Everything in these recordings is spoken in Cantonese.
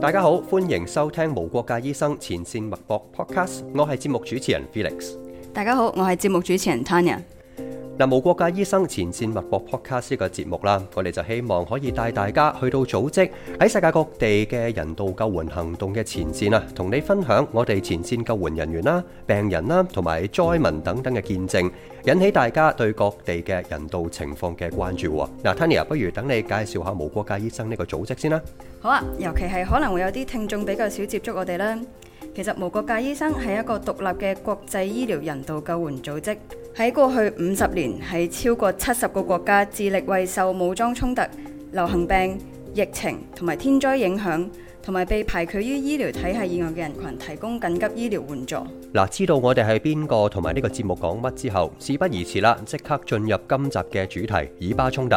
大家好，歡迎收聽無國界醫生前線脈搏 Podcast。我係節目主持人 Felix。大家好，我係節目主持人 Tanya。嗱，無國界醫生前線脈搏 podcast 嘅節目啦，我哋就希望可以帶大家去到組織喺世界各地嘅人道救援行動嘅前線啊，同你分享我哋前線救援人員啦、病人啦、同埋災民等等嘅見證，引起大家對各地嘅人道情況嘅關注。嗱，Tanya，不如等你介紹下無國界醫生呢個組織先啦。好啊，尤其係可能會有啲聽眾比較少接觸我哋啦，其實無國界醫生係一個獨立嘅國際醫療人道救援組織。喺過去五十年，係超過七十個國家致力為受武裝衝突、流行病、疫情同埋天災影響，同埋被排拒於醫療體系以外嘅人群提供緊急醫療援助。嗱，知道我哋係邊個同埋呢個節目講乜之後，事不宜遲啦，即刻進入今集嘅主題——以巴衝突。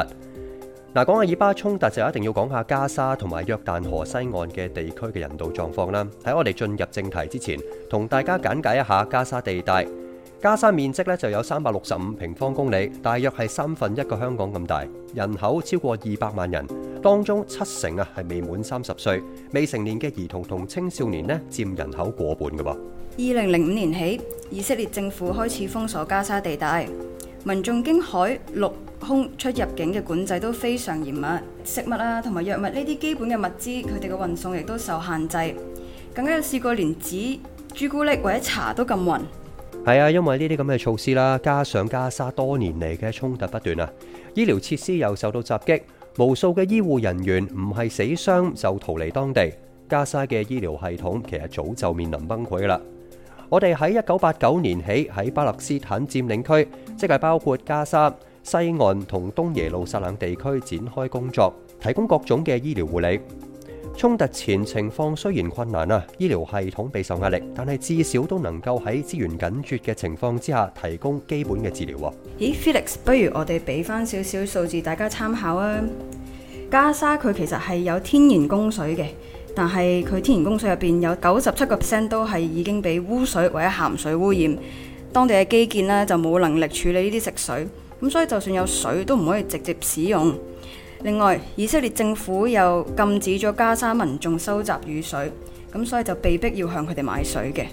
嗱，講下「以巴衝突」就一定要講下加沙同埋約旦河西岸嘅地區嘅人道狀況啦。喺我哋進入正題之前，同大家簡介一下加沙地帶。加沙面積咧就有三百六十五平方公里，大約係三分一個香港咁大，人口超過二百萬人，當中七成啊係未滿三十歲，未成年嘅兒童同青少年咧佔人口過半嘅。噉，二零零五年起，以色列政府開始封鎖加沙地帶，民眾經海陸空出入境嘅管制都非常嚴密，食物啊同埋藥物呢啲基本嘅物資，佢哋嘅運送亦都受限制，更加有試過連紙、朱古力或者茶都禁運。係啊，因為呢啲咁嘅措施啦，加上加沙多年嚟嘅衝突不斷啊，醫療設施又受到襲擊，無數嘅醫護人員唔係死傷就逃離當地。加沙嘅醫療系統其實早就面臨崩潰啦。我哋喺一九八九年起喺巴勒斯坦佔領區，即係包括加沙、西岸同東耶路撒冷地區展開工作，提供各種嘅醫療護理。衝突前情況雖然困難啦，醫療系統備受壓力，但係至少都能夠喺資源緊缺嘅情況之下提供基本嘅治療喎。咦，Felix，不如我哋俾翻少少數字大家參考啊。加沙佢其實係有天然供水嘅，但係佢天然供水入邊有九十七個 percent 都係已經畀污水或者鹹水污染，當地嘅基建呢就冇能力處理呢啲食水，咁所以就算有水都唔可以直接使用。另外，以色列政府又禁止咗加沙民眾收集雨水，咁所以就被迫要向佢哋買水嘅。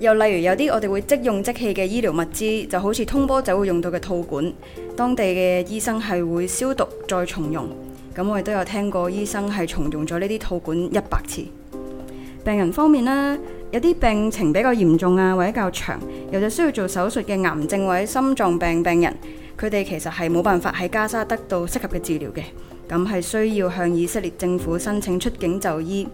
又例如有啲我哋會即用即棄嘅醫療物資，就好似通波仔會用到嘅套管，當地嘅醫生係會消毒再重用。咁我哋都有聽過醫生係重用咗呢啲套管一百次。病人方面啦，有啲病情比較嚴重啊，或者較長，又就需要做手術嘅癌症或者心臟病病人。佢哋其實係冇辦法喺加沙得到適合嘅治療嘅，咁係需要向以色列政府申請出境就醫。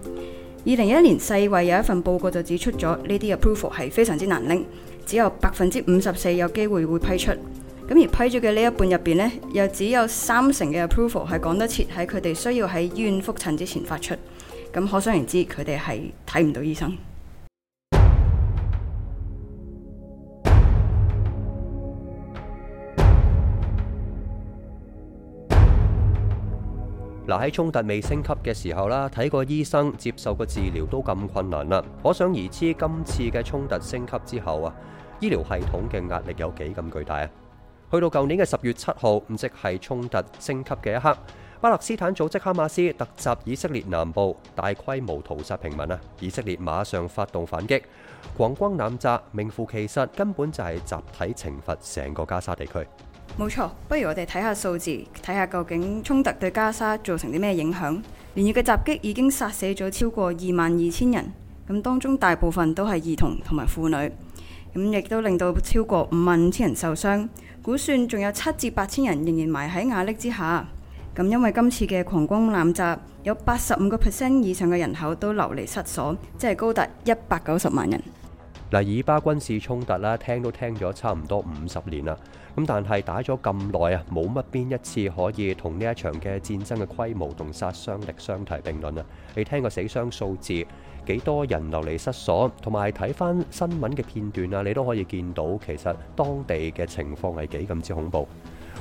二零一一年世衞有一份報告就指出咗，呢啲 approval 係非常之難拎，只有百分之五十四有機會會批出。咁而批咗嘅呢一半入邊呢，又只有三成嘅 approval 係講得切喺佢哋需要喺醫院覆診之前發出。咁可想而知，佢哋係睇唔到醫生。嗱，喺衝突未升級嘅時候啦，睇個醫生、接受個治療都咁困難啦，可想而知今次嘅衝突升級之後啊，醫療系統嘅壓力有幾咁巨大啊！去到舊年嘅十月七號，唔即係衝突升級嘅一刻，巴勒斯坦組織哈馬斯突襲以色列南部，大規模屠殺平民啊！以色列馬上發動反擊，狂轟濫炸，名副其實，根本就係集體懲罰成個加沙地區。冇錯，不如我哋睇下數字，睇下究竟衝突對加沙造成啲咩影響。連月嘅襲擊已經殺死咗超過二萬二千人，咁當中大部分都係兒童同埋婦女，咁亦都令到超過五萬五千人受傷，估算仲有七至八千人仍然埋喺瓦礫之下。咁因為今次嘅狂轟濫炸，有八十五個 percent 以上嘅人口都流離失所，即係高達一百九十萬人。嗱，以巴軍事衝突啦，聽都聽咗差唔多五十年啦，咁但係打咗咁耐啊，冇乜邊一次可以同呢一場嘅戰爭嘅規模同殺傷力相提並論啊！你聽個死傷數字，幾多人流離失所，同埋睇翻新聞嘅片段啊，你都可以見到其實當地嘅情況係幾咁之恐怖。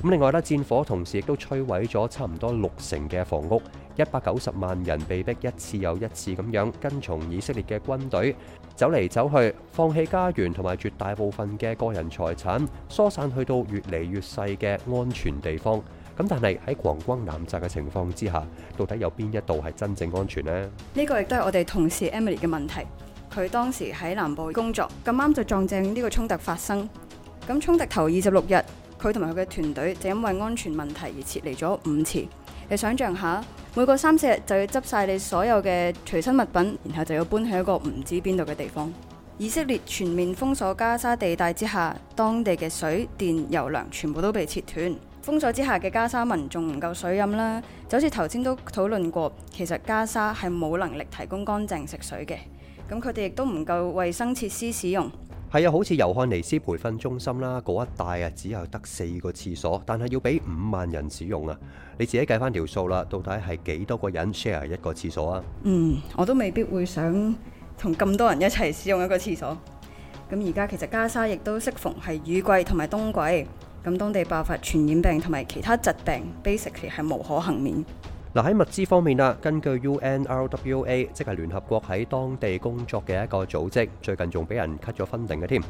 咁另外呢，戰火同時亦都摧毀咗差唔多六成嘅房屋。一百九十萬人被迫一次又一次咁樣跟從以色列嘅軍隊走嚟走去，放棄家園同埋絕大部分嘅個人財產，疏散去到越嚟越細嘅安全地方。咁但係喺狂轟濫炸嘅情況之下，到底有邊一度係真正安全呢？呢個亦都係我哋同事 Emily 嘅問題。佢當時喺南部工作，咁啱就撞正呢個衝突發生。咁衝突頭二十六日，佢同埋佢嘅團隊就因為安全問題而撤離咗五次。你想象下。每個三四日就要執晒你所有嘅隨身物品，然後就要搬去一個唔知邊度嘅地方。以色列全面封鎖加沙地帶之下，當地嘅水電油糧全部都被切斷。封鎖之下嘅加沙民眾唔夠水飲啦，就好似頭先都討論過，其實加沙係冇能力提供乾淨食水嘅。咁佢哋亦都唔夠衛生設施使用。係啊，好似尤漢尼斯培訓中心啦，嗰一帶啊，只有得四個廁所，但係要俾五萬人使用啊！你自己計翻條數啦，到底係幾多個人 share 一個廁所啊？嗯，我都未必會想同咁多人一齊使用一個廁所。咁而家其實加沙亦都適逢係雨季同埋冬季，咁當地爆發傳染病同埋其他疾病，basically 係無可幸免。嗱，喺物資方面啊，根據 UNRWA，即係聯合國喺當地工作嘅一個組織，最近仲俾人 cut 咗 funding 嘅添。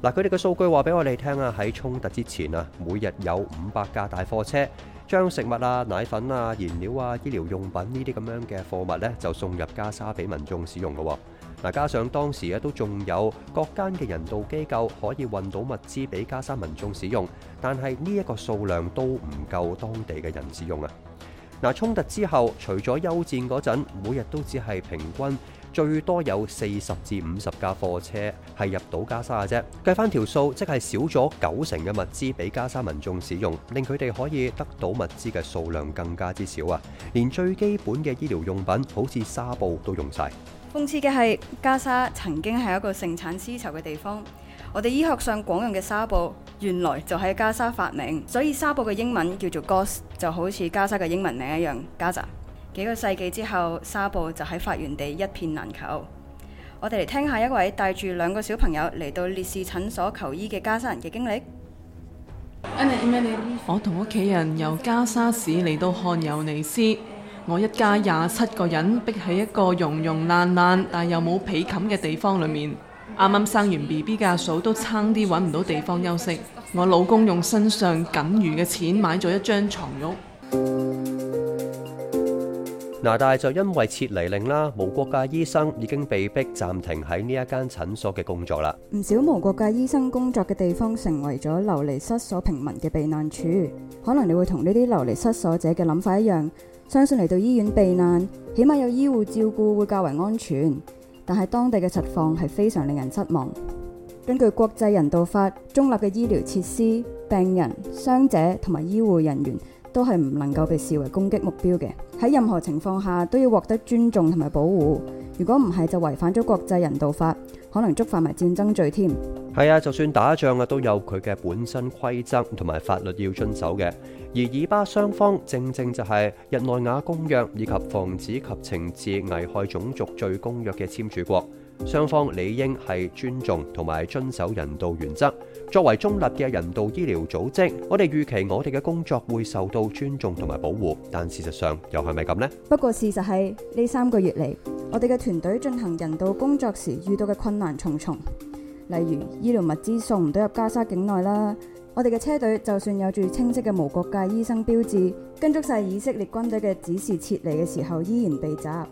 嗱，佢哋嘅數據話俾我哋聽啊，喺衝突之前啊，每日有五百架大貨車將食物啊、奶粉啊、燃料啊、醫療用品呢啲咁樣嘅貨物咧，就送入加沙俾民眾使用嘅。嗱，加上當時咧都仲有各間嘅人道機構可以運到物資俾加沙民眾使用，但係呢一個數量都唔夠當地嘅人使用啊。嗱，衝突之後，除咗休戰嗰陣，每日都只係平均最多有四十至五十架貨車係入到加沙嘅啫。計翻條數，即係少咗九成嘅物資俾加沙民眾使用，令佢哋可以得到物資嘅數量更加之少啊！連最基本嘅醫療用品，好似紗布都用晒。諷刺嘅係，加沙曾經係一個盛產絲綢嘅地方。我哋醫學上廣用嘅紗布，原來就喺加沙發明，所以紗布嘅英文叫做 Gauze，就好似加沙嘅英文名一樣，Gaza。幾個世紀之後，紗布就喺發源地一片難求。我哋嚟聽下一位帶住兩個小朋友嚟到烈士診所求醫嘅加沙人嘅經歷。我同屋企人由加沙市嚟到漢尤尼斯，我一家廿七個人逼喺一個融溶爛爛但又冇被冚嘅地方裏面。啱啱生完 B B 嘅阿嫂都差啲揾唔到地方休息，我老公用身上僅餘嘅錢買咗一張床褥。嗱，但係就因為撤離令啦，無國界醫生已經被迫暫停喺呢一間診所嘅工作啦。唔少無國界醫生工作嘅地方成為咗流離失所平民嘅避難處。可能你會同呢啲流離失所者嘅諗法一樣，相信嚟到醫院避難，起碼有醫護照顧，會較為安全。但係當地嘅實況係非常令人失望。根據國際人道法，中立嘅醫療設施、病人、傷者同埋醫護人員都係唔能夠被視為攻擊目標嘅。喺任何情況下都要獲得尊重同埋保護。如果唔係，就違反咗國際人道法。可能觸犯埋戰爭罪添，係啊！就算打仗啊，都有佢嘅本身規則同埋法律要遵守嘅。而以巴雙方正正就係日內瓦公約以及防止及懲治危害種族罪公約嘅簽署國。雙方理應係尊重同埋遵守人道原則。作為中立嘅人道醫療組織，我哋預期我哋嘅工作會受到尊重同埋保護。但事實上，又係咪咁呢？不過事實係呢三個月嚟，我哋嘅團隊進行人道工作時遇到嘅困難重重，例如醫療物資送唔到入加沙境內啦。我哋嘅車隊就算有住清晰嘅無國界醫生標誌，跟足曬以色列軍隊嘅指示撤離嘅時候，依然被襲。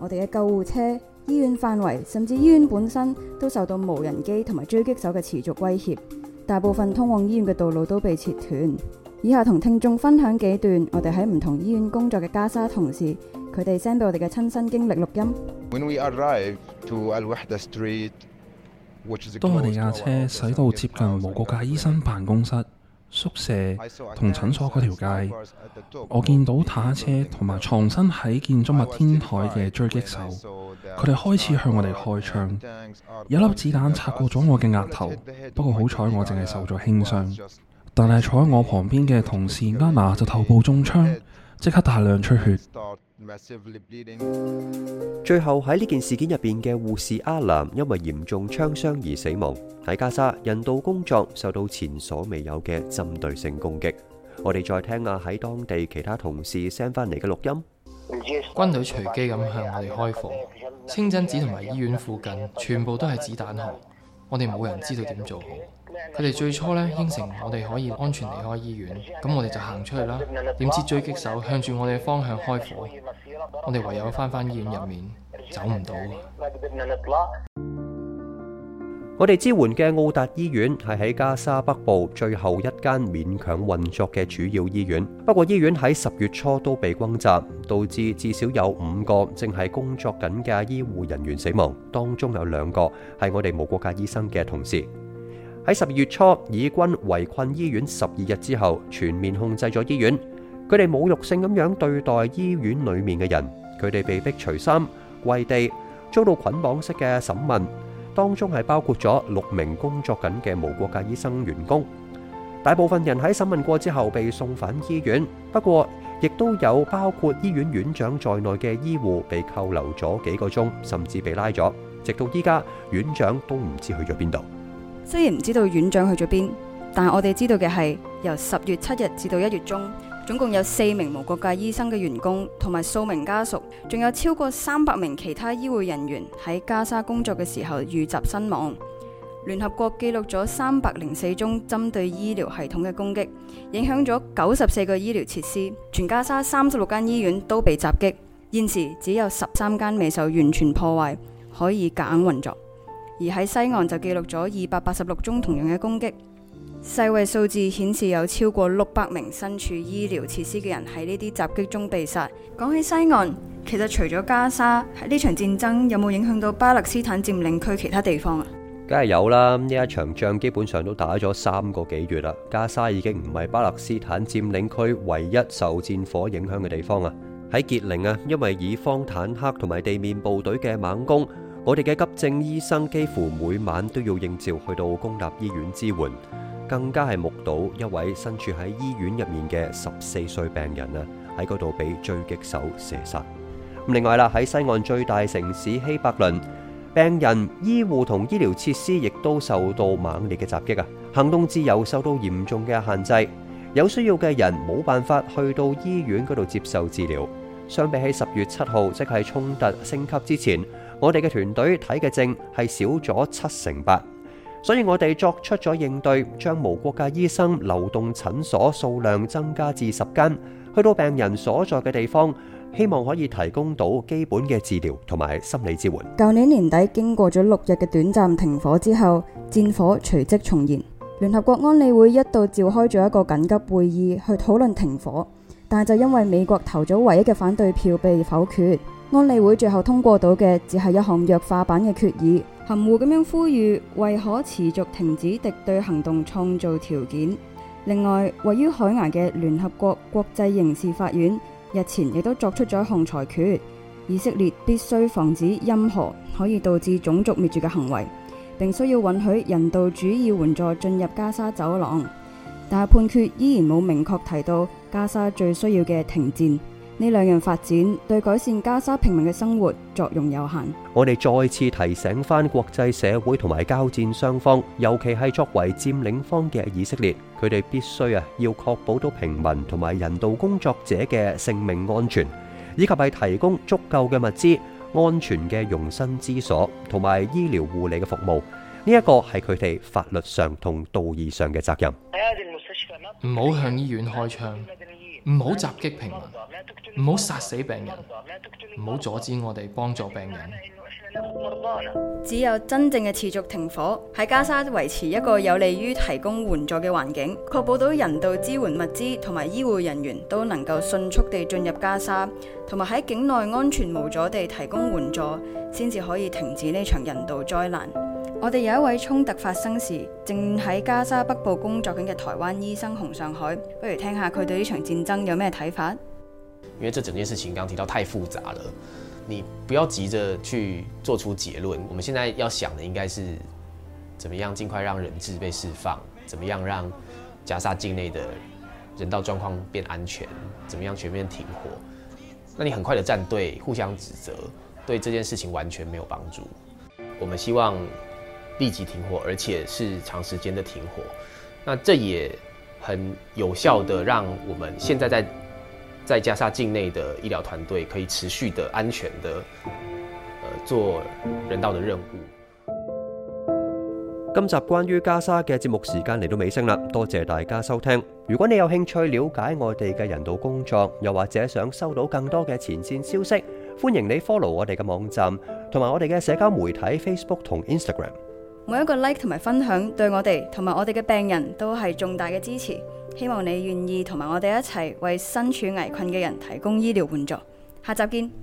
我哋嘅救護車。醫院範圍甚至醫院本身都受到無人機同埋狙擊手嘅持續威脅，大部分通往醫院嘅道路都被切斷。以下同聽眾分享幾段我哋喺唔同醫院工作嘅加沙同事，佢哋 send 俾我哋嘅親身經歷錄音。當我哋架車駛到接近無國界醫生辦公室，宿舍同診所嗰條街，我見到坦克車同埋藏身喺建築物天台嘅狙擊手，佢哋開始向我哋開槍。有粒子彈擦過咗我嘅額頭，不過好彩我淨係受咗輕傷。但係坐喺我旁邊嘅同事安娜就頭部中槍，即刻大量出血。最後喺呢件事件入邊嘅護士阿蘭，因為嚴重槍傷而死亡。喺加沙，人道工作受到前所未有嘅針對性攻擊。我哋再聽下喺當地其他同事 send 翻嚟嘅錄音。軍隊隨機咁向我哋開火，清真寺同埋醫院附近全部都係子彈殼。我哋冇人知道點做好。佢哋最初咧應承我哋可以安全離開醫院，咁我哋就行出去啦。點知狙擊手向住我哋嘅方向開火，我哋唯有翻返醫院入面走唔到。我哋支援嘅奧達醫院係喺加沙北部最後一間勉強運作嘅主要醫院，不過醫院喺十月初都被轟襲，導致至少有五個正係工作緊嘅醫護人員死亡，當中有兩個係我哋無國界醫生嘅同事。喺十二月初，以軍圍困醫院十二日之後，全面控制咗醫院。佢哋侮辱性咁樣對待醫院裏面嘅人，佢哋被迫除衫跪地，遭到捆綁式嘅審問，當中係包括咗六名工作緊嘅無國界醫生員工。大部分人喺審問過之後被送返醫院，不過亦都有包括醫院院長在內嘅醫護被扣留咗幾個鐘，甚至被拉咗，直到依家院長都唔知去咗邊度。雖然唔知道院長去咗邊，但係我哋知道嘅係由十月七日至到一月中，總共有四名無國界醫生嘅員工同埋數名家屬，仲有超過三百名其他醫護人員喺加沙工作嘅時候遇襲身亡。聯合國記錄咗三百零四宗針對醫療系統嘅攻擊，影響咗九十四個醫療設施，全加沙三十六間醫院都被襲擊，現時只有十三間未受完全破壞，可以夾硬運作。而喺西岸就記錄咗二百八十六宗同樣嘅攻擊，世衛數字顯示有超過六百名身處醫療設施嘅人喺呢啲襲擊中被殺。講起西岸，其實除咗加沙，喺呢場戰爭有冇影響到巴勒斯坦佔領區其他地方啊？梗係有啦，呢一場仗基本上都打咗三個幾月啦。加沙已經唔係巴勒斯坦佔領區唯一受戰火影響嘅地方啊。喺傑寧啊，因為以方坦克同埋地面部隊嘅猛攻，我哋嘅急症醫生幾乎每晚都要應召去到公立醫院支援，更加係目睹一位身處喺醫院入面嘅十四歲病人啊，喺嗰度俾狙擊手射殺。另外啦，喺西岸最大城市希伯倫，病人、醫護同醫療設施亦都受到猛烈嘅襲擊啊。行動自由受到嚴重嘅限制，有需要嘅人冇辦法去到醫院嗰度接受治療。相比起十月七號，即係衝突升級之前。我哋嘅團隊睇嘅症係少咗七成八，所以我哋作出咗應對，將無國界醫生流動診所數量增加至十間，去到病人所在嘅地方，希望可以提供到基本嘅治療同埋心理支援。舊年年底經過咗六日嘅短暫停火之後，戰火隨即重燃。聯合國安理會一度召開咗一個緊急會議去討論停火，但就因為美國投咗唯一嘅反對票被否決。安理會最後通過到嘅只係一項弱化版嘅決議，含糊咁樣呼籲為可持續停止敵對行動創造條件。另外，位於海牙嘅聯合國國際刑事法院日前亦都作出咗一項裁決，以色列必須防止任何可以導致種族滅絕嘅行為，並需要允許人道主義援助進入加沙走廊。但判決依然冇明確提到加沙最需要嘅停戰。呢兩樣發展對改善加沙平民嘅生活作用有限。我哋再次提醒翻國際社會同埋交戰雙方，尤其係作為佔領方嘅以色列，佢哋必須啊要確保到平民同埋人道工作者嘅性命安全，以及係提供足夠嘅物資、安全嘅容身之所同埋醫療護理嘅服務。呢一個係佢哋法律上同道義上嘅責任。唔好向醫院開槍。唔好襲擊平民，唔好殺死病人，唔好阻止我哋幫助病人。只有真正嘅持續停火，喺加沙維持一個有利於提供援助嘅環境，確保到人道支援物資同埋醫護人員都能夠迅速地進入加沙，同埋喺境內安全無阻地提供援助，先至可以停止呢場人道災難。我哋有一位衝突發生時，正喺加沙北部工作緊嘅台灣醫生洪上海，不如聽下佢對呢場戰爭有咩睇法？因為這整件事情剛提到太複雜了，你不要急着去做出結論。我們現在要想的應該是，怎麼樣盡快讓人質被釋放，怎麼樣讓加沙境內的人道狀況變安全，怎麼樣全面停火。那你很快地站隊，互相指責，對這件事情完全沒有幫助。我們希望。立即停火，而且是長時間的停火。那這也很有效地讓我們現在在，在加沙境內的醫療團隊可以持續的安全的，呃，做人道的任務。今集關於加沙嘅節目時間嚟到尾聲啦，多謝大家收聽。如果你有興趣了解我哋嘅人道工作，又或者想收到更多嘅前綫消息，歡迎你 follow 我哋嘅網站同埋我哋嘅社交媒體 Facebook 同 Instagram。每一個 like 同埋分享對我哋同埋我哋嘅病人都係重大嘅支持，希望你願意同埋我哋一齊為身處危困嘅人提供醫療援助。下集見。